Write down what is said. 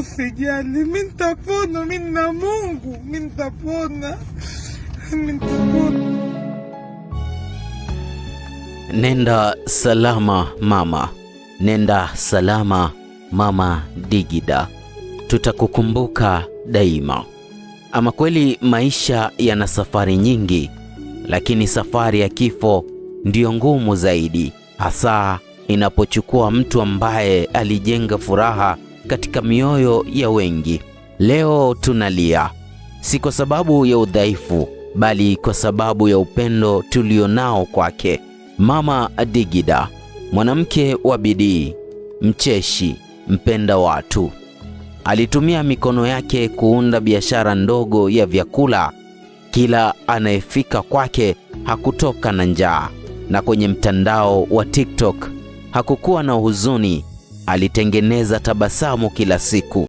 Usijali, mi nitapona, mi nina Mungu, mi nitapona, mi nitapona. Nenda salama mama, nenda salama mama Digida, tutakukumbuka daima. Ama kweli maisha yana safari nyingi, lakini safari ya kifo ndiyo ngumu zaidi, hasa inapochukua mtu ambaye alijenga furaha katika mioyo ya wengi. Leo tunalia si kwa sababu ya udhaifu, bali kwa sababu ya upendo tulionao kwake. Mama Adigida, mwanamke wa bidii, mcheshi, mpenda watu, alitumia mikono yake kuunda biashara ndogo ya vyakula. Kila anayefika kwake hakutoka na njaa, na kwenye mtandao wa TikTok hakukuwa na huzuni, alitengeneza tabasamu kila siku.